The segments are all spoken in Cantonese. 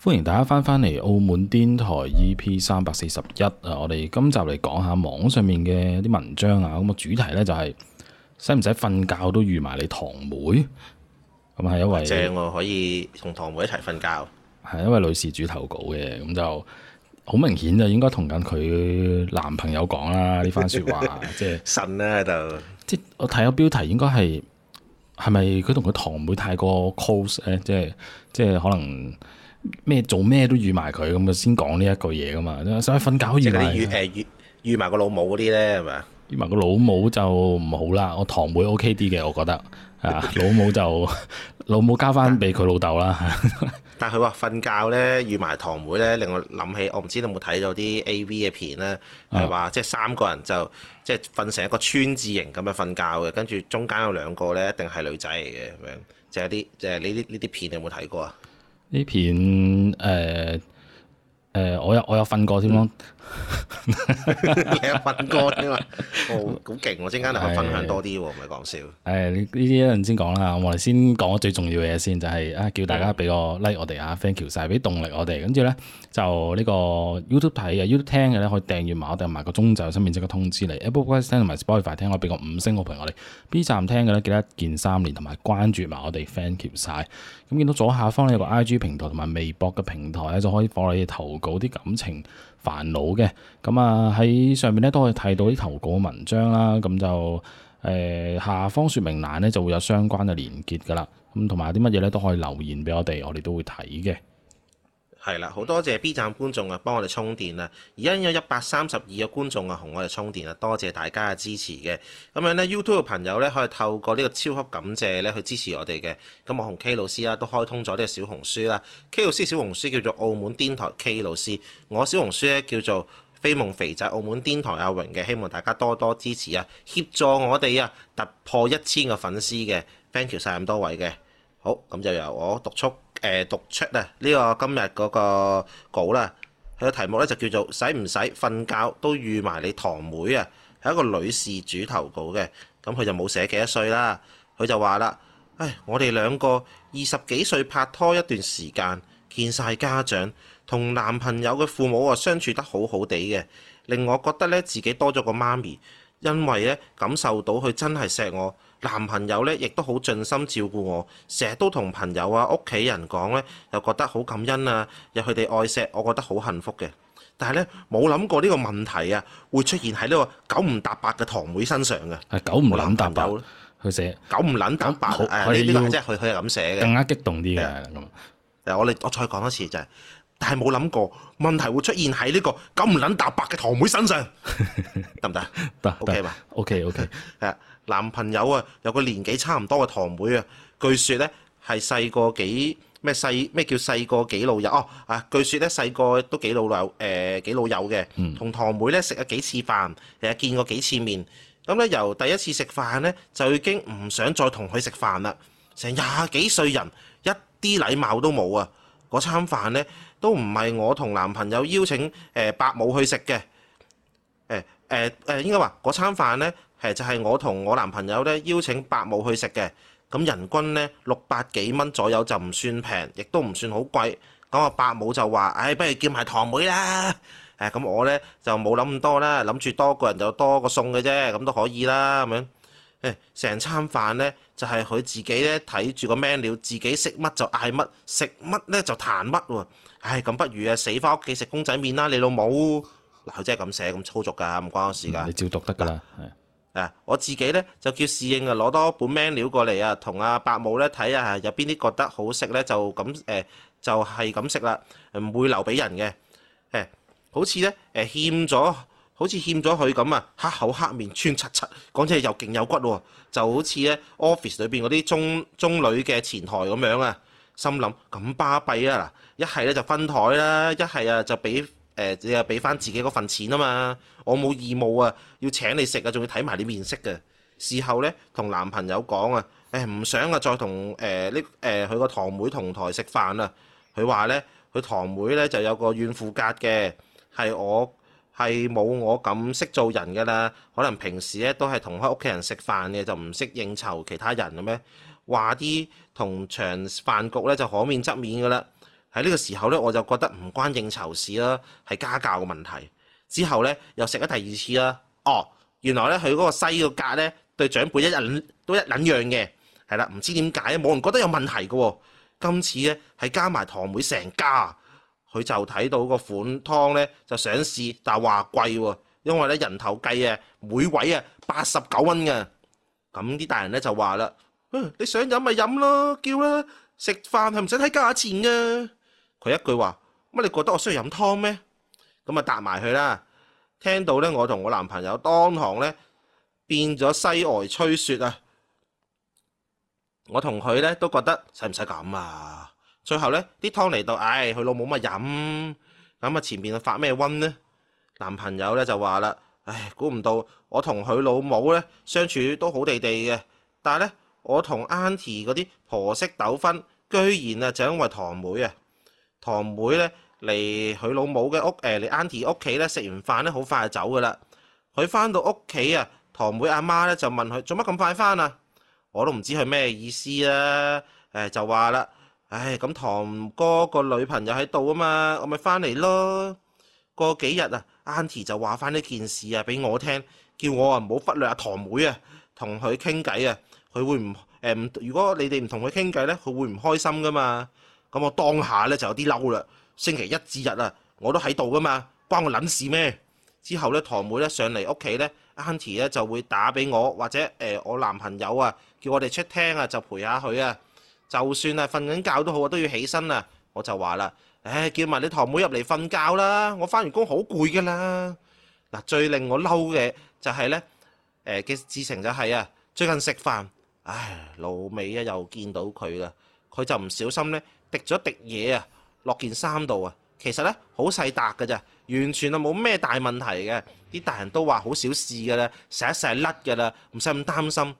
歡迎大家翻返嚟澳門癲台 E P 三百四十一啊！我哋今集嚟講下網上面嘅啲文章啊，咁、個主題呢、就是，就係使唔使瞓覺都預埋你堂妹，咁係因為正我可以同堂妹一齊瞓覺。係因為女事主投稿嘅，咁就好明顯就應該同緊佢男朋友講啦呢番說話， 即係信咧就即我睇下標題應該係係咪佢同佢堂妹太過 close 咧？即係即係可能。咩做咩都預埋佢咁啊，先講呢一個嘢噶嘛。所以瞓覺預埋預誒預埋個老母嗰啲咧係咪啊？預埋個老母就唔好啦。我堂妹 OK 啲嘅，我覺得啊， 老母就老母交翻俾佢老豆啦。但係佢話瞓覺咧預埋堂妹咧，令我諗起我唔知你有冇睇到啲 AV 嘅片咧，係話、嗯、即係三個人就即係瞓成一個川字型咁樣瞓覺嘅，跟住中間有兩個咧一定係女仔嚟嘅咁樣，就係啲就係呢啲呢啲片你有冇睇過啊？呢片，誒誒、呃呃，我有我有瞓過添咯。嗯 嘢 分干啊嘛，好勁我陣間就可分享多啲喎，唔係講笑。誒、哎，呢啲一陣先講啦，我哋先講個最重要嘅嘢先，就係啊，叫大家俾個 like 我哋啊，fan k 橋晒，俾、嗯、動力我哋。跟住咧就呢個 YouTube 睇嘅、YouTube 聽嘅咧，可以訂閱埋，訂閱埋個鐘就入身面即刻通知你。Apple Podcast 同埋 Spotify 聽，我俾個五星好評我哋。B 站聽嘅咧，記得一鍵三連同埋關注埋我哋 fan k 橋晒。咁見到左下方咧有個 IG 平台同埋微博嘅平台咧，就可以放你投稿啲感情。煩惱嘅，咁啊喺上面咧都可以睇到啲投稿文章啦，咁就誒、呃、下方說明欄咧就會有相關嘅連結㗎喇，咁同埋啲乜嘢咧都可以留言俾我哋，我哋都會睇嘅。係啦，好多謝 B 站觀眾啊，幫我哋充電啊！而家有一百三十二個觀眾啊，同我哋充電啊，多謝大家嘅支持嘅。咁樣咧，YouTube 嘅朋友咧，可以透過呢個超級感謝咧去支持我哋嘅。咁我同 K 老師啦都開通咗呢個小紅書啦，K 老師小紅書叫做澳門癲台 K 老師，我小紅書咧叫做飛夢肥仔澳門癲台阿榮嘅。希望大家多多支持啊，協助我哋啊突破一千個粉絲嘅，thank you 晒咁多位嘅。好，咁就由我讀出。誒讀出啊！呢個今日嗰個稿啦，佢嘅題目咧就叫做「使唔使瞓覺都預埋你堂妹啊」，係一個女事主投稿嘅。咁佢就冇寫幾多歲啦，佢就話啦：唉，我哋兩個二十幾歲拍拖一段時間，見晒家長，同男朋友嘅父母啊，相處得好好哋嘅，令我覺得咧自己多咗個媽咪，因為咧感受到佢真係錫我。男朋友咧，亦都好盡心照顧我，成日都同朋友啊、屋企人講咧，又覺得好感恩啊，又佢哋愛錫，我覺得好幸福嘅。但係咧，冇諗過呢個問題啊，會出現喺呢個九唔搭八嘅堂妹身上嘅。九唔撚搭八，佢寫九唔撚搭八。誒呢個即係佢佢係咁寫嘅。是是寫更加激動啲嘅咁。誒，我哋我再講多次就係、是。但係冇諗過，問題會出現喺呢個咁唔捻搭白嘅堂妹身上得唔得？得 OK 嘛？OK OK，誒，男朋友啊，有個年紀差唔多嘅堂妹啊。據說咧係細個幾咩細咩叫細個幾老友哦啊。據說咧細個都幾老友誒，幾老友嘅，同堂妹咧食咗幾次飯，成日見過幾次面。咁咧由第一次食飯咧就已經唔想再同佢食飯啦。成廿幾歲人一啲禮貌都冇啊！嗰餐飯咧。都唔係我同男朋友邀請誒伯母去食嘅，誒誒誒應該話嗰餐飯咧，其實就係我同我男朋友咧邀請伯母去食嘅，咁人均咧六百幾蚊左右就唔算平，亦都唔算好貴。咁啊，伯母就話，誒，不如叫埋堂妹啦。誒，咁我咧就冇諗咁多啦，諗住多個人就多個餸嘅啫，咁都可以啦，咁樣。誒，成餐飯咧就係佢自己咧睇住個 menu 料，自己食乜就嗌乜，食乜咧就彈乜喎。唉，咁不如啊，死翻屋企食公仔麵啦，你老母嗱，佢真係咁寫咁操作噶，唔關我事噶。你照讀得㗎啦。係。誒，我自己咧就叫侍應啊攞多本 menu 料過嚟啊，同阿伯母咧睇啊，有邊啲覺得好食咧就咁誒，就係咁食啦，唔會留俾人嘅。誒，好似咧誒欠咗。好似欠咗佢咁啊，黑口黑面，穿柒柒，講真係又勁有骨喎，啊，就好似咧 office 裏邊嗰啲中中女嘅前台咁樣啊，心諗咁巴閉啊嗱，一係咧就分台啦，一係啊就俾誒、呃、你又俾翻自己嗰份錢啊嘛，我冇義務啊，要請你食啊，仲要睇埋你面色啊。事後咧同男朋友講啊，誒唔想啊再同誒呢誒佢個堂妹同台食飯啊。佢話咧佢堂妹咧就有個怨婦格嘅，係我。係冇我咁識做人嘅啦，可能平時咧都係同佢屋企人食飯嘅，就唔識應酬其他人嘅咩？話啲同場飯局咧就可免則免嘅啦。喺呢個時候咧，我就覺得唔關應酬事啦，係家教嘅問題。之後咧又食咗第二次啦。哦，原來咧佢嗰個西個格咧對長輩一樣都一兩樣嘅，係啦，唔知點解冇人覺得有問題嘅喎。今次咧係加埋堂妹成家。佢就睇到個款湯咧，就想試，但話貴喎，因為咧人頭計啊，每位啊八十九蚊嘅。咁啲大人咧就話啦：你想飲咪飲咯，叫啦，食飯係唔使睇價錢嘅。佢一句話：乜你覺得我需要飲湯咩？咁啊答埋佢啦。聽到咧，我同我男朋友當堂咧變咗西外吹雪啊！我同佢咧都覺得使唔使咁啊？最後咧，啲湯嚟到，唉、哎，佢老母乜飲咁啊？前面就發咩瘟呢？男朋友咧就話啦，唉，估唔到我同佢老母咧相處都好地地嘅，但係咧我同 Auntie 嗰啲婆媳糾紛，居然啊就因為堂妹啊，堂妹咧嚟佢老母嘅屋，誒、呃、嚟 Auntie 屋企咧食完飯咧好快就走㗎啦。佢翻到屋企啊，堂妹阿媽咧就問佢做乜咁快翻啊？我都唔知佢咩意思啦、啊，誒就話啦。唉，咁堂哥個女朋友喺度啊嘛，我咪翻嚟咯。過幾日啊，Aunty 就話翻呢件事啊，俾我聽，叫我啊唔好忽略阿堂妹啊，同佢傾偈啊，佢會唔誒？如果你哋唔同佢傾偈咧，佢會唔開心噶嘛。咁我當下咧就有啲嬲啦。星期一至日啊，我都喺度噶嘛，關我撚事咩？之後咧，堂妹咧上嚟屋企咧，Aunty 咧就會打俾我，或者誒我男朋友啊，叫我哋出廳啊，就陪下佢啊。就算啊，瞓緊覺都好啊，都要起身啦。我就話啦，誒，叫埋你堂妹入嚟瞓覺啦。我翻完工好攰噶啦。嗱，最令我嬲嘅就係咧，誒嘅事情就係啊，最近食飯，唉，老味啊，又見到佢啦。佢就唔小心咧，滴咗滴嘢啊，落件衫度啊。其實咧，好細笪噶咋，完全啊冇咩大問題嘅。啲大人都話好小事噶啦，成一成日甩噶啦，唔使咁擔心。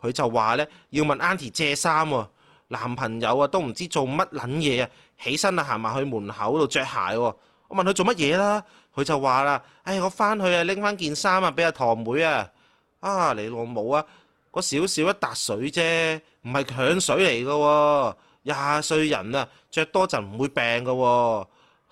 佢就話咧，要問 Auntie 借衫喎。男朋友啊，都唔知做乜撚嘢啊！起身啊，行埋去門口度着鞋喎。我問佢做乜嘢啦，佢就話啦：，唉，我翻去啊，拎翻件衫啊，俾阿堂妹啊。啊，你老母啊？個少少一笪水啫，唔係強水嚟噶。廿歲人啊，着多就唔會病噶，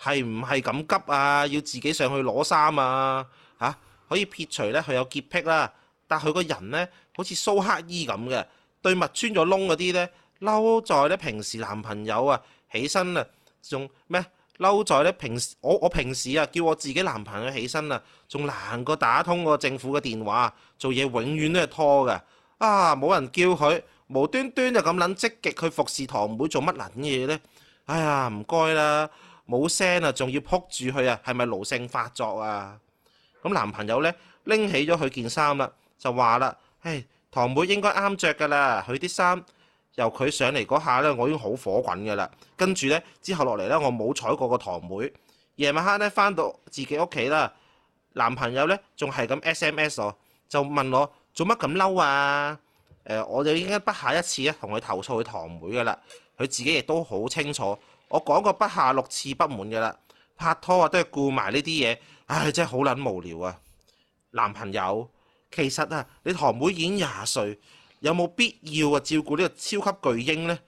係唔係咁急啊？要自己上去攞衫啊？嚇、啊，可以撇除咧，佢有潔癖啦，但佢個人咧，好似蘇乞兒咁嘅，對襪穿咗窿嗰啲咧。嬲在咧，平時男朋友啊，起身啊，仲咩嬲在咧？平時我我平時啊，叫我自己男朋友起身啊，仲難過打通個政府嘅電話做嘢，永遠都係拖㗎啊！冇人叫佢無端端就咁撚積極去服侍堂妹做乜撚嘢咧？哎呀，唔該啦，冇聲啊，仲要撲住佢啊，係咪奴性發作啊？咁男朋友咧拎起咗佢件衫啦，就話啦：，唉，堂妹應該啱着㗎啦，佢啲衫。由佢上嚟嗰下咧，我已經好火滾嘅啦。跟住咧，之後落嚟咧，我冇睬過個堂妹。夜晚黑咧，翻到自己屋企啦，男朋友咧仲係咁 SMS 我，就問我做乜咁嬲啊？誒、呃，我就已經不下一次同佢投訴佢堂妹嘅啦。佢自己亦都好清楚，我講過不下六次不滿嘅啦。拍拖啊，都係顧埋呢啲嘢。唉、哎，真係好撚無聊啊！男朋友，其實啊，你堂妹已經廿歲。有冇必要啊？照顧呢個超級巨嬰呢？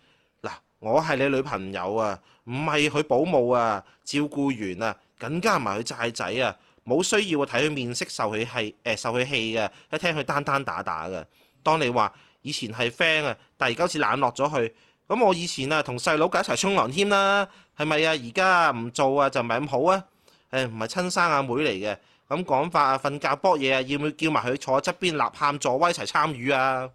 嗱，我係你女朋友啊，唔係佢保姆啊、照顧員啊，更加唔係佢債仔啊，冇需要啊。睇佢面色受、呃，受佢氣，誒受佢氣嘅，一聽佢單單打打嘅。當你話以前係 friend 啊，但而家好似冷落咗佢咁，我以前啊同細佬搞一齊沖涼添啦，係咪啊？而家唔做啊，就唔係咁好啊？誒，唔係親生阿妹嚟嘅咁講法啊，瞓覺搏嘢啊，要唔要叫埋佢坐喺側邊吶喊助威一齊參與啊？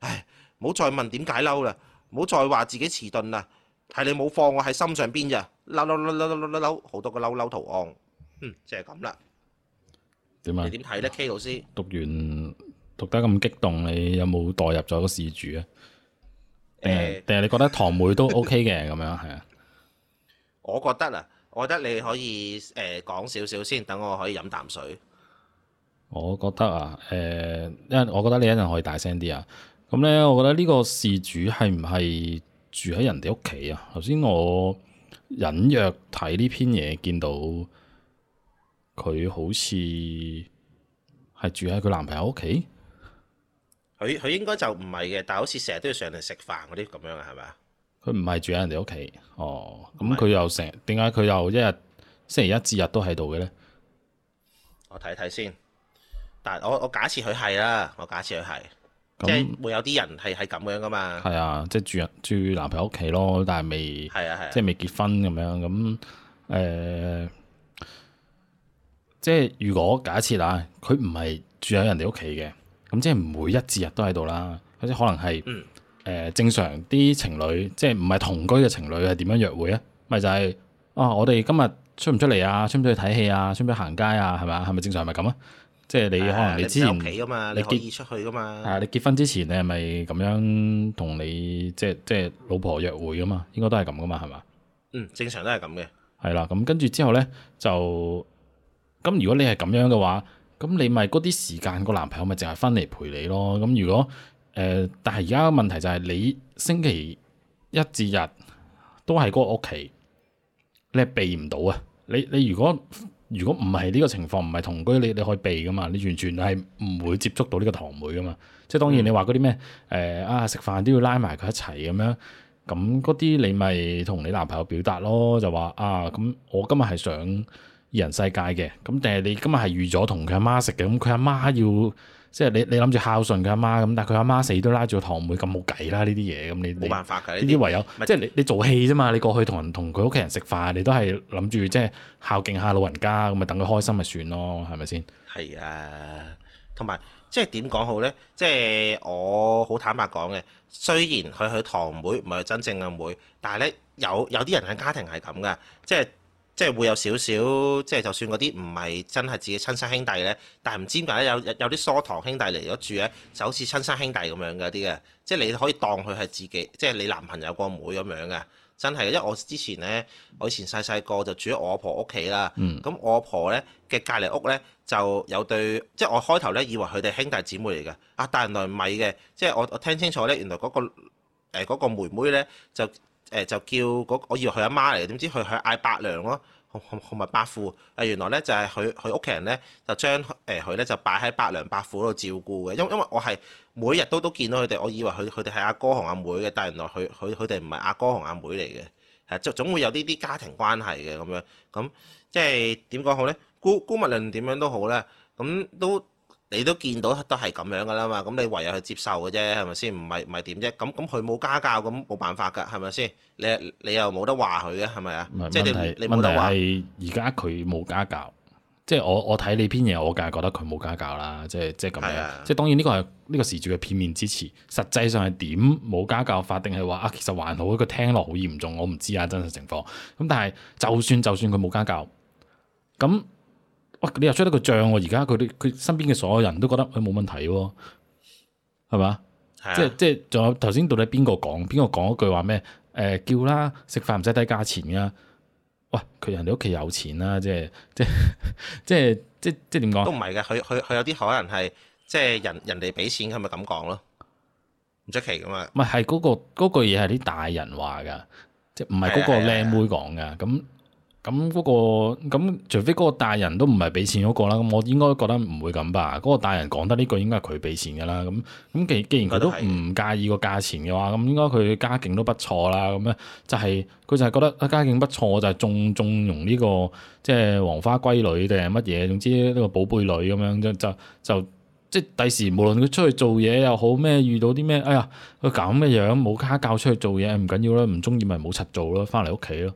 唉，唔好再問點解嬲啦，唔好再話自己遲鈍啦，係你冇放我喺心上邊咋？嬲嬲嬲嬲嬲，好多個嬲嬲圖案。嗯，即係咁啦。點啊？你點睇咧？K 老師讀完讀得咁激動，你有冇代入咗個事主啊？誒，定係、呃、你覺得堂妹都 OK 嘅咁 樣係啊？我覺得啦，我覺得你可以誒，呃、講少少先，等我可以飲啖水。我覺得啊，誒、呃，因為我覺得你一樣可以大聲啲啊。咁咧、嗯，我覺得呢個事主係唔係住喺人哋屋企啊？頭先我隱約睇呢篇嘢，見到佢好似係住喺佢男朋友屋企。佢佢應該就唔係嘅，但係好似成日都要上嚟食飯嗰啲咁樣啊，係咪啊？佢唔係住喺人哋屋企，哦，咁佢又成點解佢又一日星期一至日都喺度嘅咧？我睇睇先，但係我我假設佢係啦，我假設佢係。那即係會有啲人係係咁樣㗎嘛？係啊，即係住住男朋友屋企咯，但係未係啊係，啊即係未結婚咁樣咁誒、呃，即係如果假設啊，佢唔係住喺人哋屋企嘅，咁即係唔會一至日都喺度啦。或可能係誒、嗯呃、正常啲情侶，即係唔係同居嘅情侶係點樣約會啊？咪就係、是、啊，我哋今日出唔出嚟？啊？出唔出去睇戲啊？出唔出行街啊？係咪啊？係咪正常係咪咁啊？是即係你可能你之前你可以出去噶嘛？啊，你結婚之前是，是你係咪咁樣同你即係即係老婆約會噶嘛？應該都係咁噶嘛？係嘛？嗯，正常都係咁嘅。係啦，咁跟住之後咧就咁。如果你係咁樣嘅話，咁你咪嗰啲時間個男朋友咪淨係翻嚟陪你咯。咁如果誒、呃，但係而家問題就係你星期一至日都係嗰個屋企，你係避唔到啊！你你如果如果唔係呢個情況，唔係同居，你你可以避噶嘛，你完全係唔會接觸到呢個堂妹噶嘛。即係當然你話嗰啲咩誒啊食飯都要拉埋佢一齊咁樣，咁嗰啲你咪同你男朋友表達咯，就話啊咁我今日係想二人世界嘅，咁但係你今日係預咗同佢阿媽食嘅，咁佢阿媽要。即係你你諗住孝順佢阿媽咁，但係佢阿媽死都拉住個堂妹咁冇計啦，呢啲嘢咁，你冇辦法噶，呢啲唯有是即係你你做戲啫嘛，你過去同人同佢屋企人食飯，你都係諗住即係孝敬下老人家咁，咪等佢開心咪算咯，係咪先？係啊，同埋即係點講好咧？即係我好坦白講嘅，雖然佢佢堂妹唔係真正嘅妹，但係咧有有啲人嘅家庭係咁噶，即係。即係會有少少，即係就算嗰啲唔係真係自己親生兄弟咧，但係唔知點解有有有啲疏堂兄弟嚟咗住咧，就好似親生兄弟咁樣嘅啲嘅，即係你可以當佢係自己，即係你男朋友個妹咁樣嘅，真係，因為我之前咧，我以前細細個就住喺我阿婆屋企啦，咁、嗯、我阿婆咧嘅隔離屋咧就有對，即係我開頭咧以為佢哋兄弟姊妹嚟嘅，啊，但原來唔係嘅，即係我我聽清楚咧，原來嗰個誒嗰個妹妹咧就。誒就叫我以為佢阿媽嚟，點知佢佢嗌伯娘咯，同埋伯父。誒，原來咧就係佢佢屋企人咧就將誒佢咧就擺喺伯娘伯父度照顧嘅。因因為我係每日都都見到佢哋，我以為佢佢哋係阿哥同阿妹嘅，但原來佢佢佢哋唔係阿哥同阿妹嚟嘅，係總總會有呢啲家庭關係嘅。咁樣咁即係點講好咧？姑姑勿論點樣都好咧，咁都。你都見到都係咁樣噶啦嘛，咁你唯有去接受嘅啫，係咪先？唔係唔係點啫？咁咁佢冇家教，咁冇辦法噶，係咪先？你你又冇得話佢嘅，係咪啊？是即係你問題係而家佢冇家教，即係我我睇你篇嘢，我梗係覺得佢冇家教啦，即係即係咁樣。啊、即係當然呢個係呢、呢個事主嘅片面之詞。實際上係點冇家教法定係話啊？其實還好，佢聽落好嚴重，我唔知啊真實情況。咁但係就算就算佢冇家教，咁。喂，你又出得個帳喎？而家佢哋佢身邊嘅所有人都覺得佢冇問題喎，啊，係嘛？啊、即係即係，仲有頭先到底邊個講？邊個講一句話咩？誒、呃、叫啦，食飯唔使睇價錢噶，啊。喂，佢人哋屋企有錢啦，啊，即係即係即係即即點講？都唔係嘅，佢佢佢有啲可能係即係人人哋俾錢是是，佢咪咁講咯？唔出奇噶嘛？唔係，係，那，嗰個嗰句嘢係啲大人話噶，即係唔係嗰個靚妹講噶咁。咁嗰、那個咁，除非嗰個大人都唔係俾錢嗰、那個啦，咁我應該覺得唔會咁吧。嗰、那個大人講得呢句，應該係佢俾錢噶啦。咁咁既既然佢都唔介意個價錢嘅話，咁應該佢家境都不錯啦。咁咧就係、是、佢就係覺得啊家境不錯，就係縱縱容呢、這個即係、就是、黃花閨女定係乜嘢？總之呢個寶貝女咁樣，就就就即係第時無論佢出去做嘢又好咩，遇到啲咩，哎呀，佢咁嘅樣冇家教出去做嘢唔緊要啦，唔中意咪冇柒做咯，翻嚟屋企咯。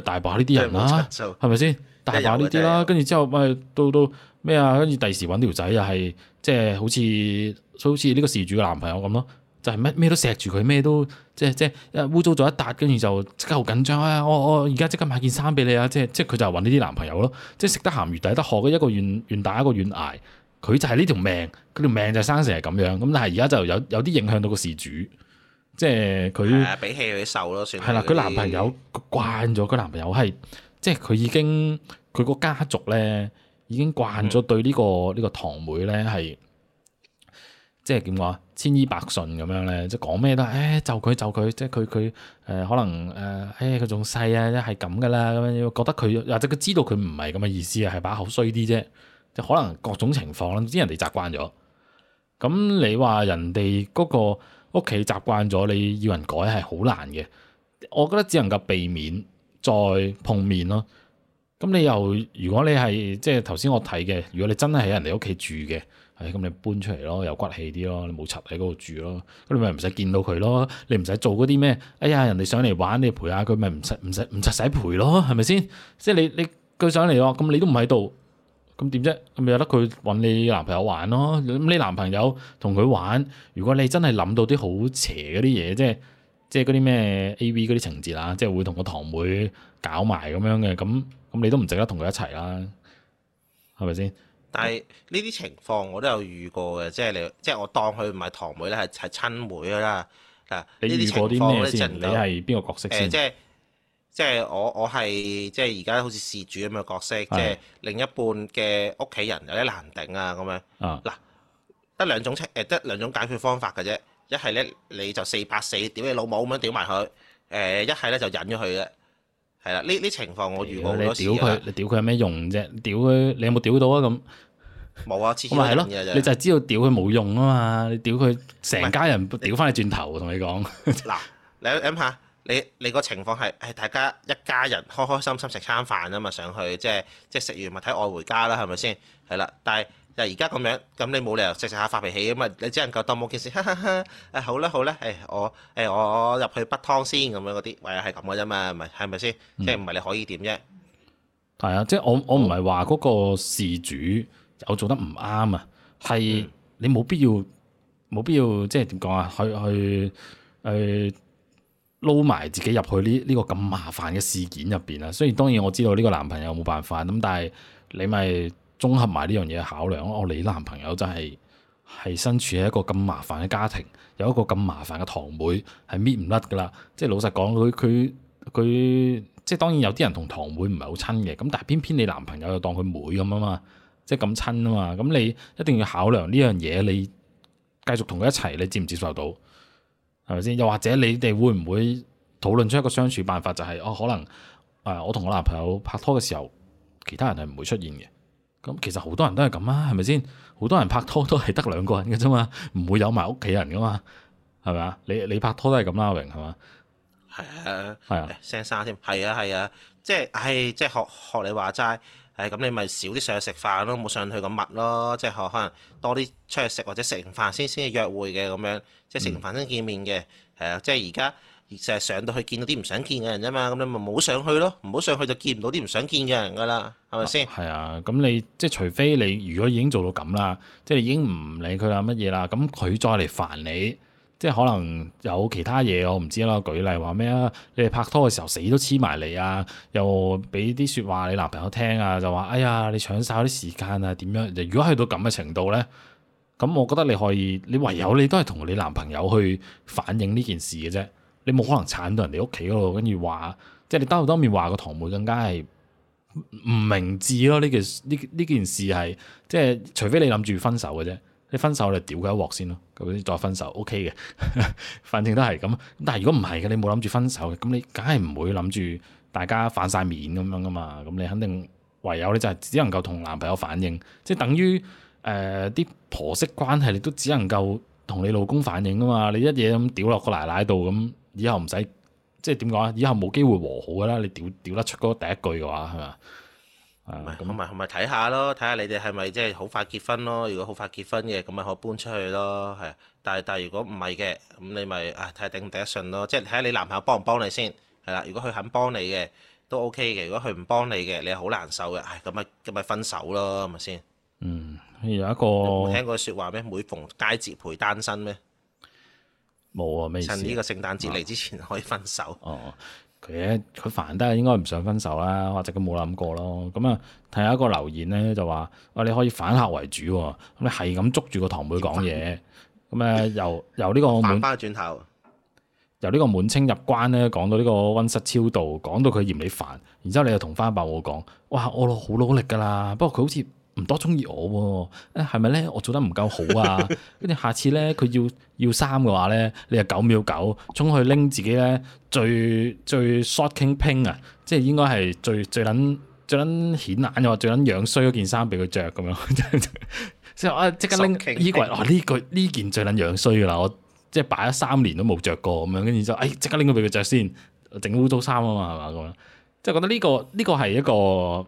大把呢啲人啦，係咪先？大把呢啲啦，跟住之後咪到到咩啊？跟住第時揾條仔又係即係好似，好似呢個事主嘅男朋友咁咯，就係乜咩都錫住佢，咩都即係即係污糟咗一笪，跟住就即刻好緊張啊！我我而家即刻買件衫俾你啊！即係即係佢就揾呢啲男朋友咯，即係食得鹹魚抵得渴嘅一個願願打一個願挨，佢就係呢條命，佢條命就生成係咁樣咁，但係而家就有有啲影響到個事主。即係佢，係啊的，比起佢瘦咯，算係啦。佢男朋友慣咗，佢男朋友係，嗯、即係佢已經，佢個家族咧，已經慣咗對呢、呢個呢、呢個堂妹咧，係即係點講，千依百順咁樣咧，即係講咩都，誒、哎、就佢就佢，即係佢佢誒，可能誒，誒佢仲細啊，即係咁噶啦，咁樣覺得佢，或者佢知道佢唔係咁嘅意思啊，係把口衰啲啫，即係可能各種情況啦，啲人哋習慣咗。咁你話人哋嗰、嗰個屋企習慣咗，你要人改係好難嘅。我覺得只能夠避免再碰面咯。咁你又如果你係即係頭先我睇嘅，如果你真係喺人哋屋企住嘅，係、哎、咁你搬出嚟咯，有骨氣啲咯，你冇插喺嗰度住咯，咁你咪唔使見到佢咯，你唔使做嗰啲咩？哎呀，人哋上嚟玩，你陪下佢，咪唔使唔使唔使使陪咯，係咪先？即係你你佢上嚟咯，咁你都唔喺度。咁點啫？咁咪有得佢揾你男朋友玩咯？咁你男朋友同佢玩，如果你真係諗到啲好邪嗰啲嘢，即係即係嗰啲咩 A.V. 嗰啲情節啊，即係會同個堂妹搞埋咁樣嘅，咁咁你都唔值得同佢一齊啦，係咪先？但係呢啲情況我都有遇過嘅，即係你即係我當佢唔係堂妹咧，係係親妹啦。嗱，你遇過啲咩先？你係邊個角色先？呃即即係我我係即係而家好似事主咁嘅角色，即係另一半嘅屋企人有啲難頂啊咁樣。嗱，得兩種清誒，得兩種解決方法嘅啫。一係咧你就四八四，屌你老母咁樣屌埋佢。誒，一係咧就忍咗佢嘅。係啦，呢呢情況我遇過咗。你屌佢，你屌佢有咩用啫？屌佢，你有冇屌到啊？咁冇啊！咁咪係咯，你就係知道屌佢冇用啊嘛？你屌佢，成家人屌翻你轉頭，同你講。嗱，你諗下。你你個情況係係大家一家人開開心心食餐飯啊嘛，上去即係即係食完咪睇愛回家啦，係咪先？係啦，但係但係而家咁樣咁你冇理由食食下發脾氣啊嘛！你只能夠當冇件事，哈哈哈！啊好啦好啦，誒我誒我入去北湯先咁樣嗰啲，唯有係咁嘅啫嘛，唔係係咪先？即係唔係你可以點啫？係啊，即係我我唔係話嗰個事主有做得唔啱啊，係你冇必要冇必要即係點講啊？去去誒。撈埋自己入去呢呢個咁麻煩嘅事件入邊啦，雖然當然我知道呢個男朋友冇辦法咁，但係你咪綜合埋呢樣嘢考量咯。我、哦、你男朋友就係係身處喺一個咁麻煩嘅家庭，有一個咁麻煩嘅堂妹係搣唔甩噶啦。即係、就是、老實講，佢佢佢即係當然有啲人同堂妹唔係好親嘅，咁但係偏偏你男朋友又當佢妹咁啊嘛，即係咁親啊嘛。咁你一定要考量呢樣嘢，你繼續同佢一齊，你接唔接受到？係咪先？又或者你哋會唔會討論出一個相處辦法，就是？就係哦，可能誒、呃，我同我男朋友拍拖嘅時候，其他人係唔會出現嘅。咁、嗯、其實好多人都係咁啊，係咪先？好多人拍拖都係得兩個人嘅啫嘛，唔會有埋屋企人噶嘛，係咪啊？你你拍拖都係咁啦，明係嘛？係啊，係啊，聲沙添，係啊係啊聲生添係啊係啊即係，唉、啊，即係學學你話齋。誒咁、嗯、你咪少啲上去食飯咯，冇上去咁密咯，即係可能多啲出去食或者食完飯先先去約會嘅咁樣，即係食完飯先見面嘅。誒、嗯呃，即係而家成日上到去見到啲唔想見嘅人啫嘛，咁你咪冇上去咯，唔好上去就見唔到啲唔想見嘅人噶啦，係咪先？係啊，咁、啊、你即係除非你如果已經做到咁啦，即係你已經唔理佢啦乜嘢啦，咁佢再嚟煩你。即係可能有其他嘢我唔知啦。舉例話咩啊？你哋拍拖嘅時候死都黐埋嚟啊！又俾啲説話你男朋友聽啊，就話：哎呀，你搶曬啲時間啊，點樣？如果去到咁嘅程度咧，咁我覺得你可以，你唯有你都係同你男朋友去反映呢件事嘅啫。你冇可能鏟到人哋屋企嗰度，跟住話，即係你當面當面話個堂妹更加係唔明智咯。呢件呢呢件事係即係除非你諗住分手嘅啫。你分手你屌佢一鑊先咯，咁再分手 OK 嘅，反正都係咁。但係如果唔係嘅，你冇諗住分手嘅，咁你梗係唔會諗住大家反晒面咁樣噶嘛。咁你肯定唯有咧就係只能夠同男朋友反應，即係等於誒啲、呃、婆媳關係，你都只能夠同你老公反應噶嘛。你一嘢咁屌落個奶奶度咁，以後唔使即係點講啊？以後冇機會和好噶啦。你屌屌得出嗰第一句嘅話係嘛？係咪？咁咪係咪睇下咯？睇下你哋係咪即係好快結婚咯？如果好快結婚嘅，咁咪可以搬出去咯，係。但係但係如果唔係嘅，咁你咪啊睇下頂唔頂得順咯。即係睇下你男朋友幫唔幫你先。係啦，如果佢肯幫你嘅都 OK 嘅。如果佢唔幫你嘅，你好難受嘅。咁咪咁咪分手咯，係咪先？嗯，有一個。冇聽過說話咩？每逢佳節倍單身咩？冇啊，未、啊。趁呢個聖誕節嚟之前可以分手。哦、 啊。佢咧，佢煩得，應該唔想分手啦，或者佢冇諗過咯。咁、嗯、啊，睇下一個留言咧，就話：哇，你可以反客為主，咁你係咁捉住個堂妹講嘢，咁誒煩、嗯，由由呢個，翻轉頭，由呢個,個滿清入關咧，講到呢個温室超度，講到佢嫌你煩，然之後你又同返白我講：哇，我好努力㗎啦，不過佢好似。唔多中意我喎，啊，誒係咪咧？我做得唔夠好啊！跟住 下次咧，佢要要衫嘅話咧，你又九秒九衝去拎自己咧最最 short king ping 啊！即係應該係最最撚最撚顯眼嘅話，最撚樣衰嗰件衫俾佢着。咁 樣，即係啊即刻拎衣櫃，哦，呢個呢件最撚樣衰噶啦！我即係擺咗三年都冇着過咁樣，跟住就誒哎，即刻拎佢俾佢着先，整污糟衫啊嘛係嘛咁樣，即係覺得呢個呢個係一個。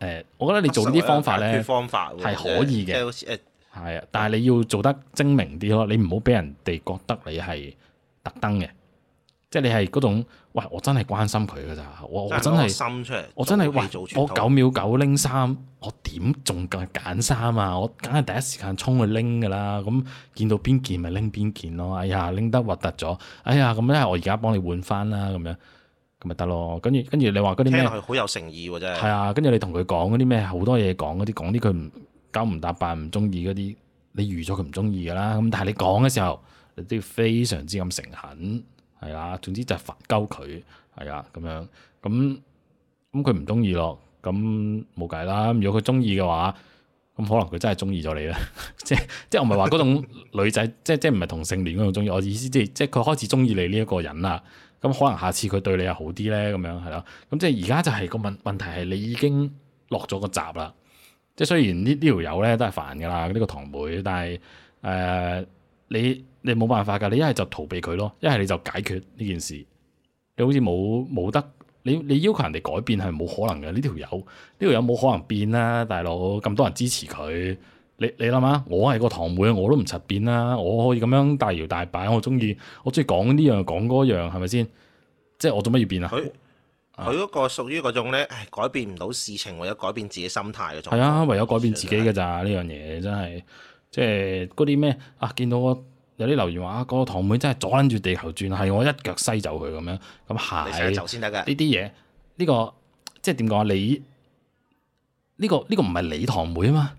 誒，我覺得你做呢啲方法咧係可以嘅，係啊、就是呃，但係你要做得精明啲咯，你唔好俾人哋覺得你係特登嘅，即係你係嗰種，喂，我真係關心佢噶咋，我我真係心出嚟，做我真係做喂，我九秒九拎衫，我點仲夠揀衫啊？我梗係第一時間衝去拎噶啦，咁見到邊件咪拎邊件咯。哎呀，拎得核突咗，哎呀，咁咧我而家幫你換翻啦，咁樣。咁咪得咯，跟住跟住你話嗰啲咩？聽落去好有誠意喎，真係。係啊，跟住你同佢講嗰啲咩，好多嘢講嗰啲，講啲佢唔鳩唔搭八唔中意嗰啲，你預咗佢唔中意噶啦。咁但係你講嘅時候，你都要非常之咁誠懇，係啊。總之就係罰鳩佢，係啊咁樣。咁咁佢唔中意咯，咁冇計啦。如果佢中意嘅話，咁可能佢真係中意咗你啦。即 即我唔係話嗰種女仔，即即唔係同性戀嗰種中意。我意思即即佢開始中意你呢一個人啦。咁可能下次佢對你又好啲咧，咁樣係咯。咁即係而家就係個問問題係你已經落咗個閘啦。即係雖然呢呢條友咧都係煩噶啦，呢、呢個堂妹，但係誒、呃、你你冇辦法㗎。你一係就逃避佢咯，一係你就解決呢件事。你好似冇冇得你，你要求人哋改變係冇可能嘅。呢條友，呢條友冇可能變啦，大佬咁多人支持佢。你你諗下，我係個堂妹，我都唔出邊啦，我可以咁樣大搖大擺，我中意我中意講呢樣講嗰樣，係咪先？即係我做乜要變啊？佢佢嗰個屬於嗰種咧，唉，改變唔到事情，唯有改變自己心態嘅狀態。係啊，唯有改變自己嘅咋呢樣嘢真係，即係嗰啲咩啊？見到有啲留言話啊，嗰個堂妹真係阻住地球轉，係我一腳走走西走佢咁樣咁係。西走先得㗎呢啲嘢，呢個即係點講啊？你呢、呢個呢、呢個唔係、呢個、你堂妹啊嘛？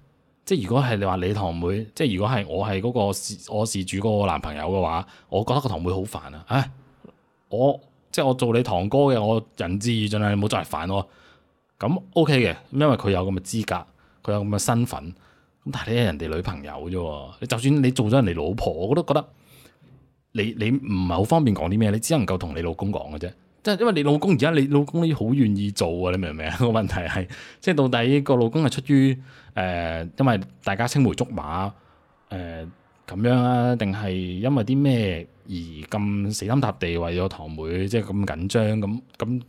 即係如果係你話你堂妹，即係如果係我係嗰個我事主嗰個男朋友嘅話，我覺得個堂妹好煩啊！唉，我即係我做你堂哥嘅，我仁至義盡啦，你冇再嚟煩我，咁 OK 嘅，因為佢有咁嘅資格，佢有咁嘅身份，咁但係你係人哋女朋友啫，啊，你就算你做咗人哋老婆，我都覺得你你唔係好方便講啲咩，你只能夠同你老公講嘅啫，即係因為你老公而家你老公好願意做啊，你明唔明啊？個 問題係即係到底個老公係出於？誒、呃，因為大家青梅竹馬，誒咁、呃、樣啊，定係因為啲咩而咁死心塌地為咗堂妹，即係咁緊張咁咁。嗯嗯。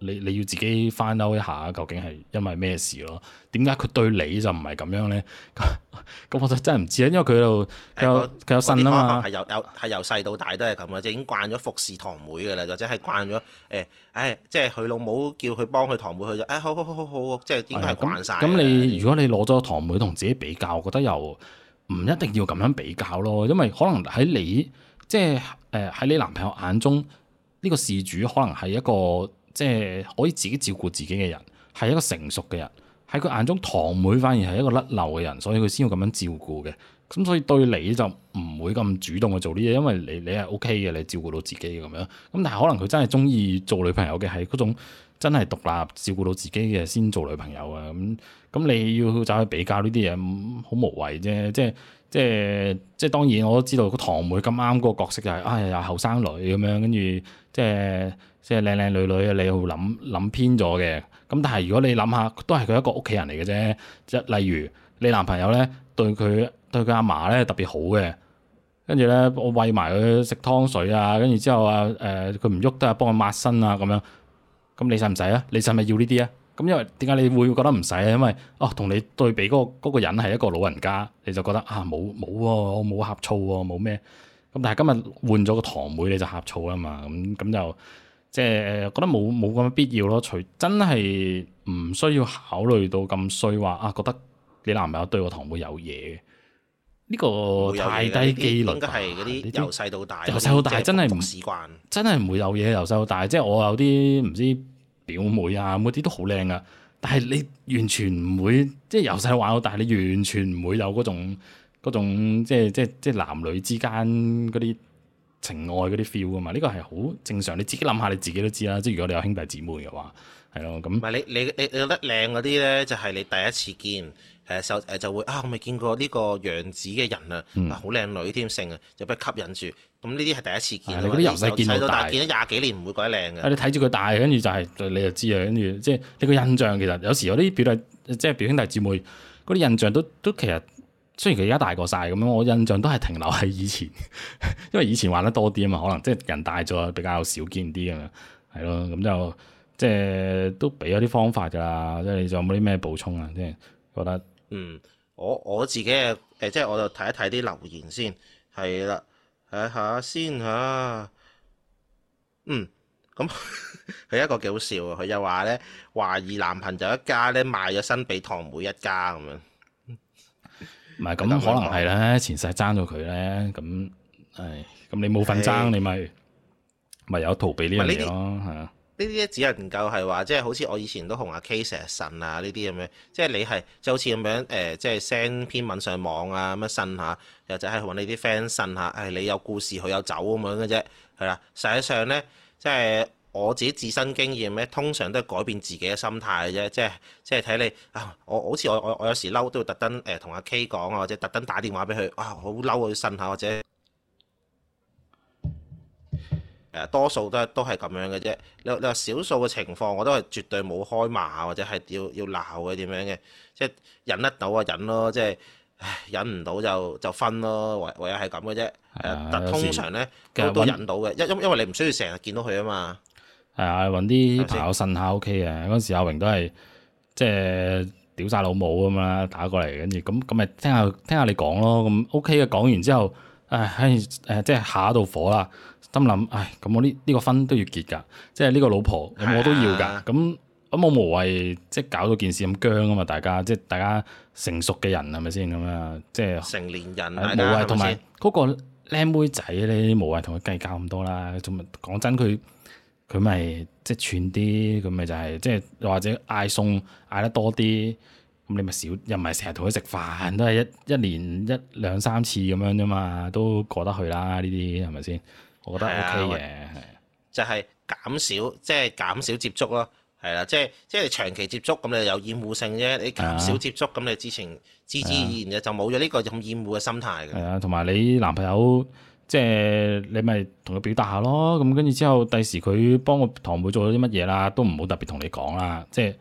你你要自己翻兜一下，究竟係因為咩事咯？點解佢對你就唔係咁樣咧？咁 我就真係唔知啦。因為佢又佢有佢有信啊嘛，係那有由有由係由細到大都係咁啊，就已經慣咗服侍堂妹噶啦，或者係慣咗誒，誒、哎哎，即係佢老母叫佢幫佢堂妹，去就誒，好好好好好，即係已經係慣晒。咁你的如果你攞咗堂妹同自己比較，我覺得又唔一定要咁樣比較咯，因為可能喺你即係誒喺你男朋友眼中呢、這個事主可能係一個。即係可以自己照顧自己嘅人，係一個成熟嘅人，喺佢眼中堂妹反而係一個甩漏嘅人，所以佢先要咁樣照顧嘅。咁所以對你就唔會咁主動去做啲嘢，因為你你係 OK 嘅，你、OK、你照顧到自己咁樣。咁但係可能佢真係中意做女朋友嘅係嗰種。真係獨立照顧到自己嘅先做女朋友啊！咁咁你要走去比較呢啲嘢，好無謂啫！即係即係即係當然，我都知道個堂妹咁啱個角色就係唉又後生女咁樣，跟住即係即係靚靚女女啊！你要諗諗偏咗嘅。咁但係如果你諗下，都係佢一個屋企人嚟嘅啫。即係例如你男朋友咧對佢對佢阿嫲咧特別好嘅，跟住咧我餵埋佢食湯水啊，跟住之後啊誒佢唔喐得啊，幫佢抹身啊咁樣。咁你使唔使啊？你使唔使要呢啲啊？咁因為點解你會覺得唔使啊？因為啊，同、哦、你對比嗰、嗰個嗰個人係一個老人家，你就覺得啊冇冇、啊、我冇呷醋喎、啊，冇咩。咁但係今日換咗個堂妹，你就呷醋啊嘛。咁咁就即係、就係、覺得冇冇咁必要咯。除真係唔需要考慮到咁衰話啊，覺得你男朋友對個堂妹有嘢。呢、這個太低機率，應該係啲的由細到,到大，由細到大真係唔使慣真係唔會有嘢由細到大。即係我有啲唔知表妹啊，嗰啲都好靚噶。但係你完全唔會，即係由細玩，到大，你完全唔會有嗰種嗰種，即係即係即係男女之間嗰啲。情愛嗰啲 feel 啊嘛，呢個係好正常。你自己諗下，你自己都知啦。即係如果你有兄弟姊妹嘅話，係咯。咁唔係你你你覺得靚嗰啲咧，就係你第一次見，誒就誒就會啊，我未見過呢個樣子嘅人、嗯、啊，好靚女添性啊，就俾吸引住。咁呢啲係第一次見。你嗰啲由細見到大，見咗廿幾年唔會覺得靚嘅。你睇住佢大，跟住就係、是、你就知啊。跟住即係你個印象，其實有時有啲表弟，即係表兄弟姊妹嗰啲印象都都其實。雖然佢而家大過晒咁樣，我印象都係停留喺以前，因為以前玩得多啲啊嘛，可能即係人大咗比較少見啲啊嘛，係咯，咁就即係都俾咗啲方法噶啦，即係你仲有冇啲咩補充啊？即係覺得，嗯，我我自己嘅誒，即係我就睇一睇啲留言先，係啦，睇下先嚇，嗯，咁佢 一個幾好笑啊！佢又話咧，懷疑男朋友一家咧賣咗身俾堂妹一家咁樣。唔係咁可能係咧， 前世爭咗佢咧，咁係咁你冇份爭，你咪咪有逃避呢樣嘢咯嚇？呢啲咧只能夠係話，即係好似我以前都同阿 K 成日呻啊呢啲咁樣，即係你係就好似咁樣誒，即係 send 篇文上網啊咁樣呻下，又就係揾你啲 friend 呻下，係、哎、你有故事佢有酒咁樣嘅啫，係啦，實際上咧即係。 我自己自身經驗咧，通常都係改變自己嘅心態嘅啫，即係即係睇你啊。我好似我我我有時嬲都要特登誒同阿 K 講啊，或者特登打電話俾佢啊，好嬲嗰啲呻下或者誒多數都都係咁樣嘅啫。你你話少數嘅情況，我都係絕對冇開罵或者係要要鬧嘅點樣嘅，即係忍得到啊，忍咯，即係唉忍唔到就就分咯，唯唯有係咁嘅啫。誒、啊，通常咧都都忍到嘅，因因因為你唔需要成日見到佢啊嘛。係啊，揾啲朋友呻下 O K 嘅。嗰時阿榮都係即係屌晒老母咁啦，打過嚟跟住咁咁咪聽下聽下你講咯。咁 O K 嘅講完之後，唉，誒即係嚇到火啦。心諗，唉，咁我呢呢個婚都要結㗎，即係呢個老婆咁我都要㗎。咁咁我無謂即係搞到件事咁僵啊嘛。大家即係大家成熟嘅人係咪先咁啊？即係成年人啊，冇謂同埋嗰個僆妹仔咧，冇謂同佢計較咁多啦。咁啊，講真佢。佢咪即係串啲，佢咪就係即係或者嗌餸嗌得多啲，咁你咪少，又唔係成日同佢食飯，都係一一年一兩三次咁樣啫嘛，都過得去啦。呢啲係咪先？我覺得 OK 嘅，就係、是、減少即係、就是、減少接觸咯，係啦、就是，即係即係長期接觸咁你有厭惡性啫，你減少接觸咁嘅你之前自自然然就冇咗呢個咁厭惡嘅心態嘅。係啊，同埋你男朋友。即係你咪同佢表達下咯，咁跟住之後，第時佢幫我堂妹做咗啲乜嘢啦，都唔好特別同你講啦，即係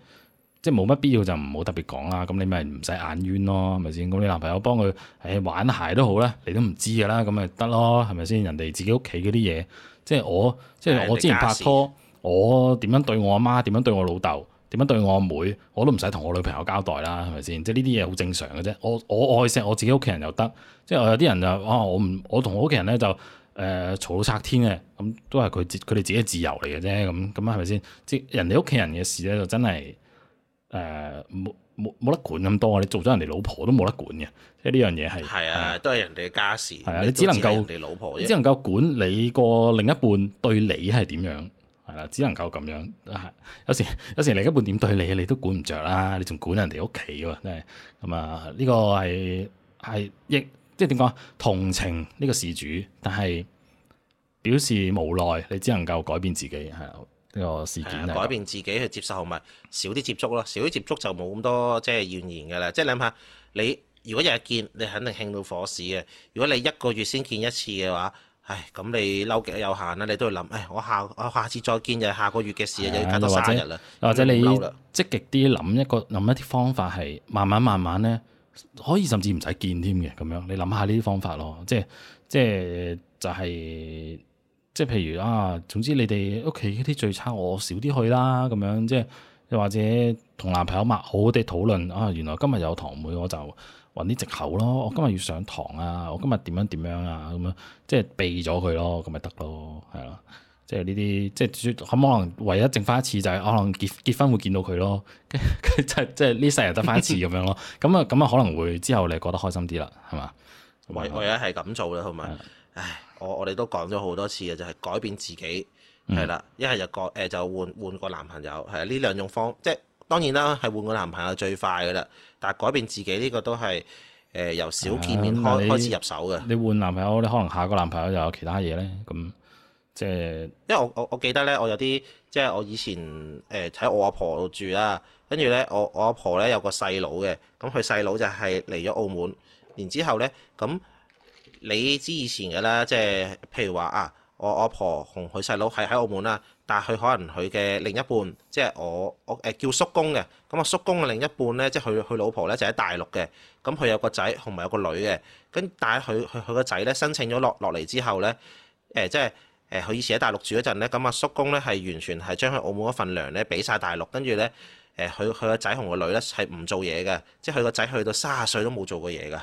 即係冇乜必要就唔好特別講啦。咁你咪唔使眼冤咯，係咪先？咁你男朋友幫佢，誒玩鞋都好啦，你都唔知㗎啦，咁咪得咯，係咪先？人哋自己屋企嗰啲嘢，即係我即係我之前拍拖，我點樣對我阿媽，點樣對我老豆。點樣對我阿妹，妹，我都唔使同我女朋友交代啦，係咪先？即係呢啲嘢好正常嘅啫。我我愛錫我自己屋企人又得，即我有啲人就啊，我唔我同我屋企人咧就誒、呃、吵到拆天嘅，咁、嗯、都係佢自佢哋自己自由嚟嘅啫。咁咁啊係咪先？即人哋屋企人嘅事咧就真係誒冇冇冇得管咁多啊！你做咗人哋老婆都冇得管嘅，即係呢樣嘢係係啊，啊都係人哋嘅家事。係啊，你只，你只能夠人哋老婆，只能夠管你個另一半對你係點樣。係啦，只能夠咁樣，啊。有時有時另一半點對你你都管唔着啦。你仲管人哋屋企喎，真係咁啊！呢、這個係係亦即係點講？同情呢個事主，但係表示無奈。你只能夠改變自己係呢、這個事件改變自己去接受，咪少啲接觸咯。少啲接觸就冇咁多即係怨言嘅啦。即係諗下你如果日日見，你肯定興到火屎嘅。如果你一個月先見一次嘅話，唉，咁你嬲極有限啦，你都要諗，唉，我下我下次再見就係下個月嘅事，又要隔多三日啦，或者，咁樣，或者你積極啲諗一個諗一啲方法係慢慢慢慢咧，可以甚至唔使見添嘅咁樣，你諗下呢啲方法咯，即係即係就係、是、即係譬如啊，總之你哋屋企啲聚餐我少啲去啦，咁樣即係又或者同男朋友擘好啲討論啊，原來今日有堂妹我就。搵啲藉口咯，我今日要上堂啊，我今日點樣點樣啊，咁樣即係避咗佢咯，咁咪得咯，係咯，即係呢啲，即係咁可能唯一剩翻一次就係可能結結婚會見到佢咯，即係即係呢世人得翻一次咁樣咯，咁啊咁啊可能會之後你係覺得開心啲啦，係嘛？為為啊係咁做啦，同埋，的唉，我我哋都講咗好多次嘅就係、是、改變自己，係啦，嗯、一係就改，誒就換就換，換個男朋友，係啊，呢兩種方即係。當然啦，係換個男朋友最快噶啦，但改變自己呢個都係誒、呃、由少見面開開始入手嘅。你換男朋友，你可能下個男朋友又有其他嘢咧，咁即係因為我我我記得咧，我有啲即係我以前誒喺、呃、我阿婆度住啦，跟住咧我我阿婆咧有個細佬嘅，咁佢細佬就係嚟咗澳門，然之後咧咁你知以前嘅啦，即係譬如話啊，我我阿婆同佢細佬係喺澳門啦。但係佢可能佢嘅另一半，即係我我誒叫叔公嘅，咁啊叔公嘅另一半咧，即係佢佢老婆咧就喺大陸嘅，咁佢有個仔同埋有個女嘅，跟但係佢佢佢個仔咧申請咗落落嚟之後咧，誒即係誒佢以前喺大陸住嗰陣咧，咁啊叔公咧係完全係將佢澳門嗰份糧咧俾曬大陸，跟住咧誒佢佢個仔同個女咧係唔做嘢嘅，即係佢個仔去到卅歲都冇做過嘢㗎。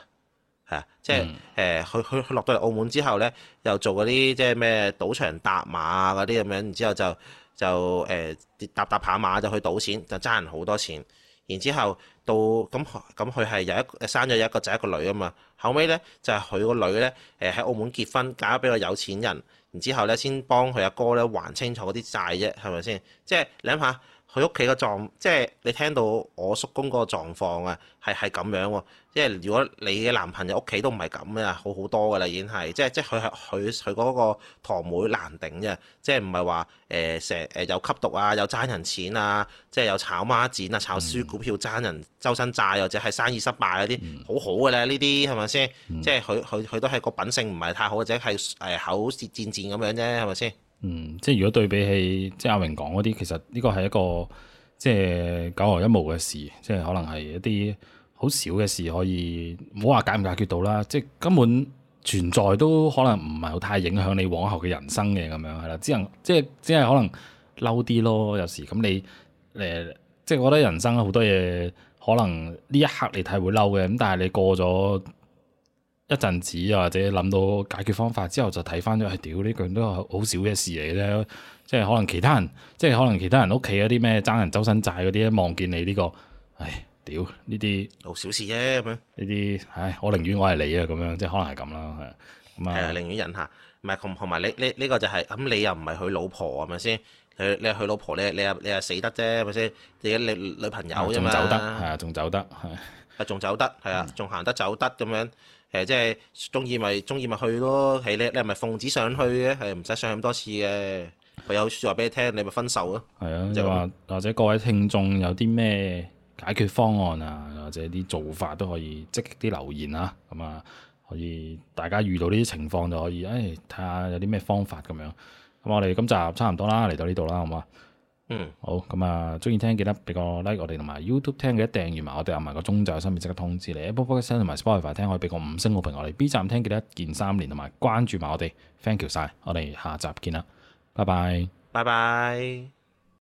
即係誒，佢、呃、佢落到嚟澳門之後咧，又做嗰啲即係咩賭場搭、呃、搭、搭馬嗰啲咁樣，然之後就就誒搭搭跑馬就去賭錢，就爭人好多錢。然之後到咁咁，佢係有一生咗一個仔一個女啊嘛。後尾咧就係佢個女咧誒喺澳門結婚嫁咗俾個有錢人，然之後咧先幫佢阿哥咧還清、清楚嗰啲債啫，係咪先？即係你諗下。想想想佢屋企嘅狀，即係你聽到我叔公嗰個狀況啊，係係咁樣喎。即係如果你嘅男朋友屋企都唔係咁啊，好好多噶啦，已經係即係即係佢係佢佢嗰個堂妹難頂啫。即係唔係話誒成日誒有吸毒啊，有爭人錢啊，即係有炒孖展啊，炒輸股票爭人周身債，或者係生意失敗嗰啲，好好噶啦。呢啲係咪先？即係佢佢佢都係個品性唔係太好，或者係係口舌戰戰咁樣啫，係咪先？嗯，即係如果對比起即係阿榮講嗰啲，其實呢個係一個即係九牛一毛嘅事，即係可能係一啲好少嘅事可以唔好話解唔解決到啦，即係根本存在都可能唔係好太影響你往後嘅人生嘅咁樣係啦，只能即係只係可能嬲啲咯，有時咁你誒即係我覺得人生好多嘢可能呢一刻你睇會嬲嘅，咁但係你過咗。一陣子或者諗到解決方法之後就，就睇翻咗。唉，屌！呢句都好少嘅事嚟咧。即係可能其他人，即係可能其他人屋企嗰啲咩爭人周身債嗰啲，望見你呢、這個，唉、哎，屌！呢啲好小事啫咁樣。呢啲唉，我寧願我係你啊咁樣，即係可能係咁啦，係。係啊，啊寧願忍下。唔係同同埋你呢呢個就係、是、咁，你又唔係佢老婆係咪先？你係佢老婆，你你又你又死得啫係咪先？你嘅女朋友仲走、哦、得係啊，仲走得係。啊、嗯，仲走得係啊，仲行得走得咁樣。誒，即係中意咪中意咪去咯，係咧，你係咪奉旨上去嘅？係唔使上咁多次嘅。佢有説話俾你聽，你咪分手咯。係啊的。就話或者各位聽眾有啲咩解決方案啊，或者啲做法都可以積極啲留言啊，咁啊，可以大家遇到呢啲情況就可以，誒睇下有啲咩方法咁樣。咁我哋今集差唔多啦，嚟到呢度啦，好嘛？嗯、好，咁啊，中意聽記得俾個 like 我哋，同埋 YouTube 聽記得訂閱埋，我哋撳埋個鐘仔喺身邊即刻通知你。Apple Podcast 同埋 Spotify 聽可以俾個五星好評我哋。B 站聽記得一鍵三連同埋關注埋我哋，thank you 晒，我哋下集見啦，拜拜，拜拜。